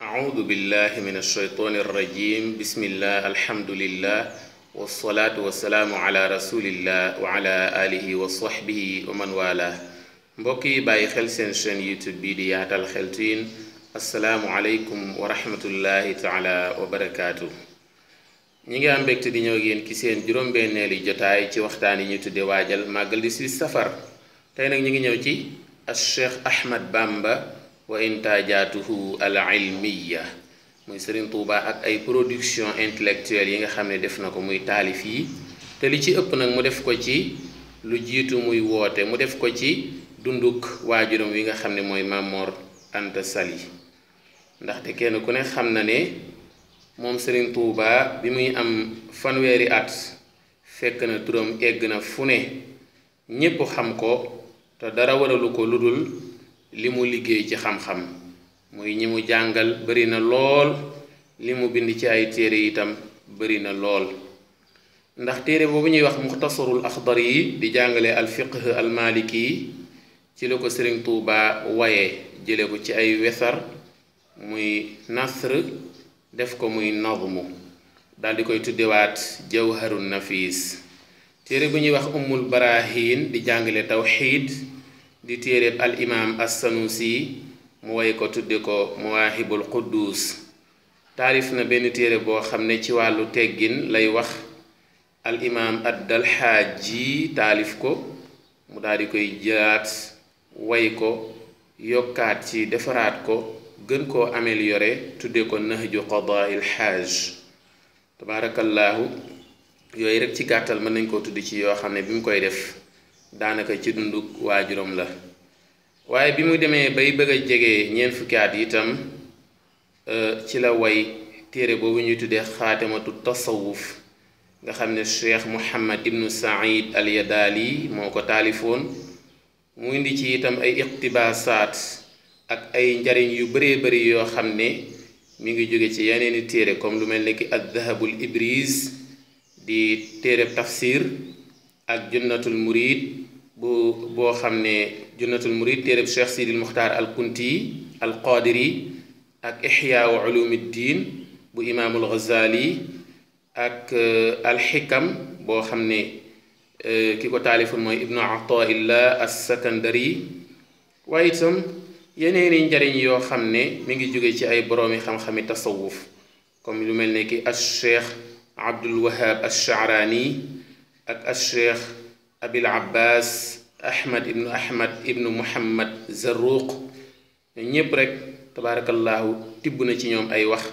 أعوذ بالله من الشيطان الرجيم بسم الله الحمد لله والصلاة والسلام على رسول الله وعلى آله وصحبه ومن والاه mbokki bàyyi xel seen chaîne YouTube bi di yaatal xeltuyin asalaamu aleykum wa rahmatullahi taala ñi ngi am mbégte di ñëw yéen ci seen juróom-benneeli jotaay ci waxtaan yi ñu tudde waajal màggal di si safar tey nag ñu ngi ñëw ci as Cheikh Ahmad Bamba wa intajaatuhu al ilmiya muy Serigne Touba ak ay production intellectuelle yi nga xam ne def na ko muy taalif yi te li ci ëpp nag mu def ko ci lu jiitu muy woote mu def ko ci dunduk waajuram wi nga xam ne mooy Mamor Anta Sali ndaxte kenn ku ne xam na ne moom Serigne Touba bi muy am fanweeri at fekk na turam egg na fu ne ñépp xam ko te dara waralu ko lu dul li mu liggéey ci xam-xam muy ñi mu jàngal bari na lool li mu bind ci ay téere itam bari na lool ndax téere boobu ñuy wax muxtasarul axdar yi di jàngale al fiqh al ci la ko sëriñ tuuba waye jële ko ci ay wesar muy nasr def ko muy nazmu daldi koy tuddewaat jawharun nafis téere bu ñuy wax ummul barahin di jàngale tawxiid di téeréb al imaam as mu woy ko tudde ko Mawaahibul Quddus taarif na benn téere boo xam ne ci wàllu teggin lay wax al imaam ad-Dalhaaji taalif ko mu daldi koy jëlaat way ko yokkaat ci defaraat ko gën koo yore tudde ko nahju qadaa'il haaj tabaarakallaahu yooyu rek ci gàttal mën nañ koo tudd ci yoo xam ne bi mu koy def daanaka ci dunduk waajuram la waaye bi mu demee bay bëgg jege ñeent fukki at itam euh, ci la way téere boobu ñu tuddee xaatimatu tasawuf nga xam ne cheikh muhammad ibnu said al yadaali moo ko taalifoon mu indi ci itam ay iqtibaasaat ak ay njariñ yu bëree bëri yoo xam ne mu ngi jóge ci yeneeni téere comme lu mel ni ak ad ibris di téere tafsir ak junnatul murid bu boo xam ne junnatul murid téereb Cheikh Sidil Muxtaar al Kunti al Qadiri ak Ixyaau Ulumiddin bu imaamul Ghazali ak euh, alxikam boo xam ne euh, ki ko taalifoon mooy ibnu ataillah as-Sakandari waaye itam yeneeni njariñ yoo xam ne mu ngi jóge ci ay boroomi xam-xami tasawuf comme lu mel ne ki al cheikh abdul wahab al shaaraani ak al cheikh abil abbas ahmad ibnu ahmad ibnu muhammad zarruq ñoo ñépp rek tabaarakallaahu tibb na ci ñoom ay wax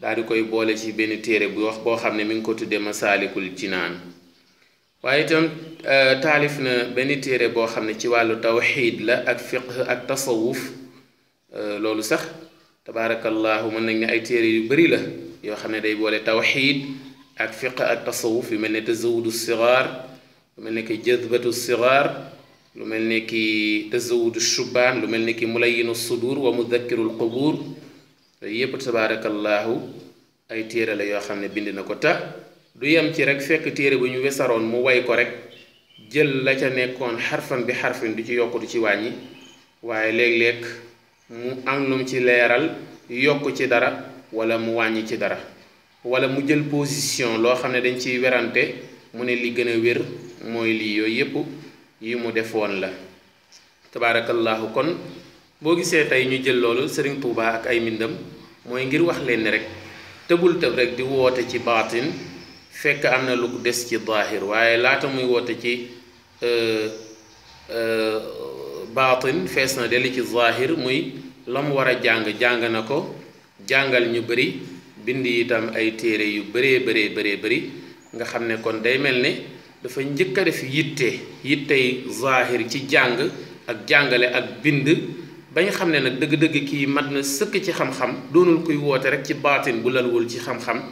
daal di koy boole ci benn téere bu wax boo xam ne mi ngi ko tuddee masaalikul naan waaye itam euh, taalif na benn téere boo xam ne ci wàllu tawxiid la ak fiqh ak tasawuf euh, loolu sax tabaarakallaahu mën nañ ne ay téere yu bari la yoo xam ne day boole tawxiid ak fiq ak tasawuf yu mel ne tazawudu sigaar lu mel ne ki jazbatu sigaar lu mel ne ki tazawudu shubaan lu mel ne ki mulayinu sudur wa mudakkiru lqubuur yépp tabaarakallaahu ay téere la yoo xam ne bind na ko ta du yem ci rek fekk téere bu ñu wesaroon mu way ko rek jël la ca nekkoon xarfan bi xarfin du ci yokk ci wàññi waaye léeg-léeg mu am lum ci leeral yokk ci dara walla mu wàññi ci dara wala mu jël position loo xam ne dañ ci werante mu ne li gën a wér mooy lii yooyu yépp yi mu def woon la tabaarakallaahu kon boo gisee tey ñu jël loolu Serigne Touba ak ay mbindam mooy ngir wax leen ni rek tëbul tëb rek di woote ci baatin fekk am na lu des ci zaahir waaye laata muy woote ci euh, euh, baatin fees na deli ci zaahir muy la mu war a jàng jàng na ko jàngal ñu bari bind itam ay téere yu bëree bëree bëree bëri nga xam ne kon day mel ne dafa njëkk a def yitte yittey zaahir ci jàng ak jàngale ak bind bañ xam ne nag dëgg-dëgg kii mat na sëkk ci xam-xam doonul kuy woote rek ci baatin bu lalwul ci xam-xam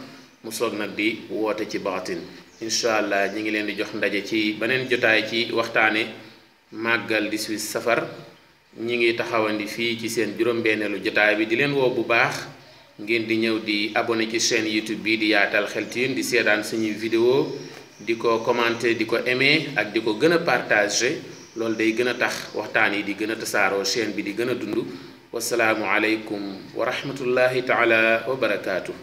mu soog nag di woote ci baatin incha allah ñi ngi leen di jox ndaje ci beneen jotaay ci waxtaane màggal 18 safar ñi ngi taxawandi fii ci seen juróom-benneelu jotaay bi di leen woo bu baax ngeen di ñëw di abonné ci chaîne YouTube bii di yaatal xeltiin di seedaan suñuy vidéo di ko commenter di ko aimer ak di ko gën a partager loolu day gën a tax waxtaan yi di gën a tasaaroo chaîne bi di gën a dund wasalaamualeykum wa rahmatullahi taala wa barakaatu.